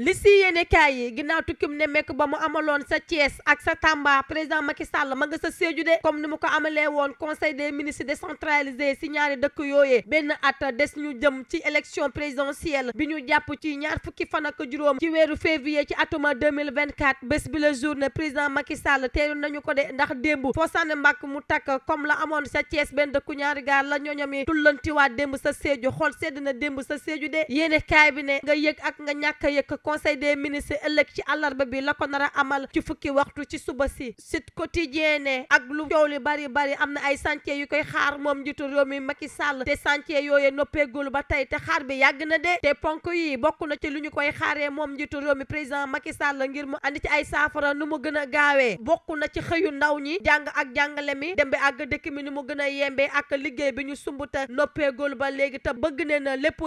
li si yéene kaay yi ginnaaw tukkim ne mekk ba mu amaloon sa Thiès ak sa Tamba président Macky Sall ma nga sa Sédhiou de comme ni mu ko amalee woon conseil des ministres décentralisé si ñaari dëkk yooye benn at des ñu jëm ci élection présidentielle bi ñu jàpp ci ñaar fukki fan ak juróom ci weeru février ci atuma 2024 bés bi la journée président Macky Sall teeru nañu ko de ndax démb foo sànni mbàkk mu takk comme la amoon sa Thiès benn dëkku ñaari gaar la ñooñam yi tullantiwaat démb sa Sédhiou xool sedd na démb sa Sédhiou de yéene kaay bi ne nga yëg ak nga ñàkk a yëg conseil des ministres ëllëg ci àllarba bi la ko nar amal ci fukki waxtu ci suba si Sud Quotidien ne ak lu coow li bari bari am na ay chantier yu koy xaar moom njiitu réew mi Macky Sall te chantier yooyu noppeegul ba tey te xaar bi yàgg na de te ponk yi bokk na ci lu ñu koy xaaree moom njiitu réew mi président Macky sàll ngir mu andi ci ay saafara nu mu gën a gaawee bokk na ci xëyu ndaw ñi jàng ak jàngale mi dem bi ak dëkk mi nu mu gën a yembe ak liggéey bi ñu sumb te ba léegi te bëgg ne na lépp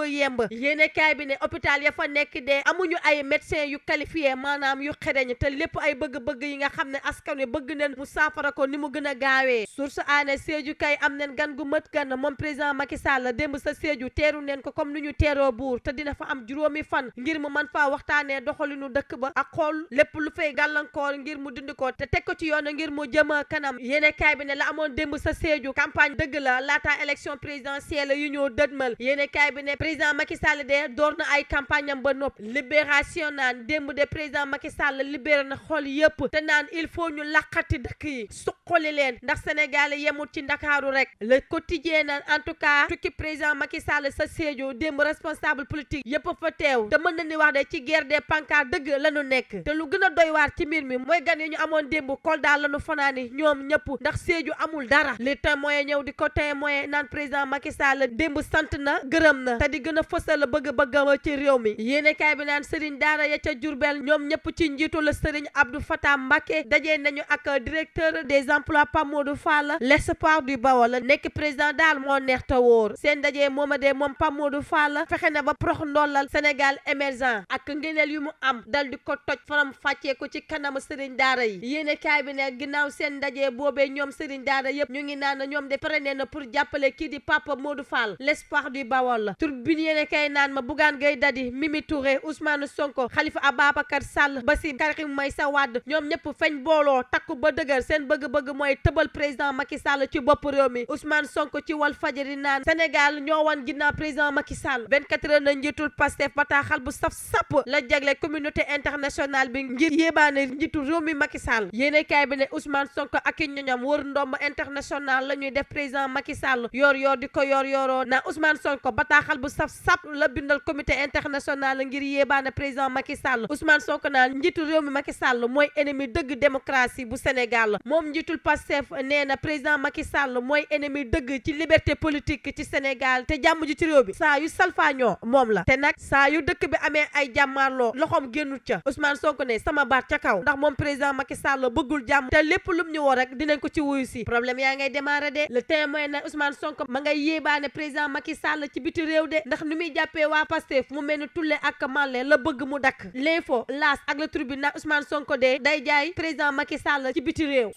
ay médecin yu qualifié maanaam yu xereñ te lépp ay bëgg-bëgg yi nga xam ne askan wi bëgg neen mu saafara ko ni mu gën a gaawee source aané Sédhiou kay am neen gan gu mët gan moom président Macky Sall démb sa Sédhiou teeru neen ko comme nu ñu teeroo buur te dina fa am juróomi fan ngir mu man faa waxtaanee doxalinu dëkk ba ak xool lépp lu fay gàllankoor ngir mu dindi ko te teg ko ci yoon ngir mu jëm kanam yéene kaay bi ne la amoon démb sa seeju campagne dëgg la laataa élection présidentielle yu ñoo dëdmal yéene kaay bi ne président Macky Sall de door na ay campagne ba nopp libéral libération naan démb de président Macky Sall libéré na xool yëpp te naan il faut ñu laqati dëkk yi xooli leen ndax sénégalais yemut ci ndakaaru rek le quotidien na en tout cas tukki président Macky Sall sa Sédhiou démb responsable politique yëpp fa teew te mën na ni wax de ci guerre des pancartes dëgg la ñu nekk te lu gën a doy ci mbir mi mooy gan yi ñu amoon démb Kolda la ñu fanaani ñoom ñëpp ndax Sédhiou amul dara li témoin ñëw di ko témoin naan président Macky Sall démb sant na gërëm na te di gën a fësal bëgg-bëggam ci réew mi yéenekaay bi naan sëriñ daara ya ca ñoom ñëpp ci njiitu la sëriñ Abdou Fatah Mbacké dajee nañu ak directeur des emploi Pape Modou Fall l'espoir du Bawol nekk président daal moo neex te wóor seen dajee mooma dee moom Pape Modou Fall na ba prox ndollal Sénégal émergent ak ngëneel yu mu am dal di ko toj faram fàccee ko ci kanamu sëriñ daara yi yéene kaay bi ne ginnaaw seen dajee boobee ñoom sëriñ daara yëpp ñu ngi naan ñoom de pare na pour jàppale kii di Pape Modou Fall l'espoir du Bawol turbine yéene kaay naan ma Bougane Gueye Dany Mimi Touré Ousmane Sonko Khalifa Ababacar Sall Bassirou Karim Meïssa Wade ñoom ñëpp feeñ booloo takku ba dëgër seen bëgg-bëgg bëgg mooy tëbal président Macky Sall ci bopp réew mi Ousmane Sonko ci wal fajari naan Sénégal ñoo wan ginnaaw président Macky Sall 24 heures na njiitul Pastef bataaxal bu sap la jagle communauté internationale bi ngir yéebaane njiitul réew mi Macky Sall yéene kaay bi ne Ousmane Sonko ak i ñoñam wër ndomb international la ñuy def président Macky Sall yoor yoor di ko yoor yooroo na Ousmane Sonko bataaxal bu saf sap bindal comité international ngir yéebaane président Macky Sall Ousmane Sonko naan njiitu réew mi Macky Sall mooy ennemi dëgg démocratie bu Sénégal moom njiitu article Pastef na président Macky Sall mooy ennemi dëgg ci liberté politique ci Sénégal te jàmm ji ci réew bi saa yu salfaañoo moom la te nag saa yu dëkk bi amee ay jàmmaarloo loxoom génnu ca Ousmane Sonko ne sama baat ca kaw ndax moom président Macky Sall bëggul jàmm te lépp lum ñu woo rek dinañ ko ci wuyu si problème yaa ngay démarré de le témoin na Ousmane Sonko ma ngay yéebaane président Macky Sall ci biti réew de ndax ni muy jàppee waa Pastef mu mel ni tulle ak màlle la bëgg mu dakk l'info laas ak le tribunal Ousmane Sonko de day jaay président Macky Sall ci biti réew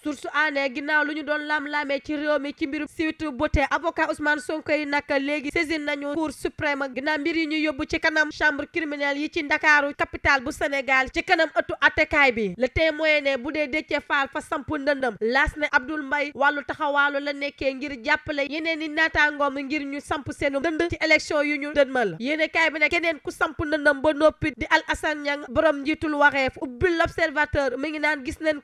Sané ginnaaw lu ñu doon lam-lamee ci réew mi ci mbirum Sweet Beauté avocat Ousmane Sonko yi naka léegi saisine nañu Cour suprême ginnaaw mbir yi ñu yóbbu ci kanam chambre criminelle yi ci Ndakaaru capitale bu Sénégal ci kanam ëttu attekaay bi la témoin ne bu dee Déthié Fall fa samp ndëndëm laas ne Abdoul Mbaye wàllu taxawaalu la nekkee ngir jàppale yeneen i naataangoom ngir ñu samp seenu ndënd ci élection yu ñu dënmal yéene kaay bi ne keneen ku samp ndëndëm ba noppi di Al Assane Niang borom njiitul waxeef mi ngi naan gis neen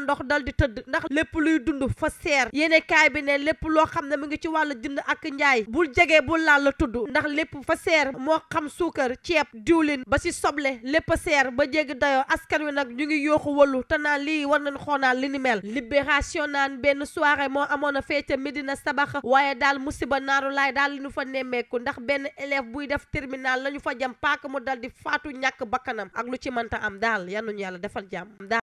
naan ndox dal di tëdd ndax lépp luy dund fa seer yéene bi ne lépp loo xam ne mu ngi ci wàllu jënd ak njaay bul jege bu laal la tudd ndax lépp fa seer moo xam suukar ceeb diwlin ba ci soble lépp a seer ba jéggi dayoo askan wi nag ñu ngi yooxu wëllu te naan lii war nañ xoonaan li ni mel libération naan benn soirée moo amoon a mi dina Sabax waaye daal musiba naaru laay daal li ñu fa nemmeeku ndax benn élève buy def terminal la ñu fa jam paak mu dal di faatu bakkanam ak lu ci mënta am daal yal yàlla defal jàmm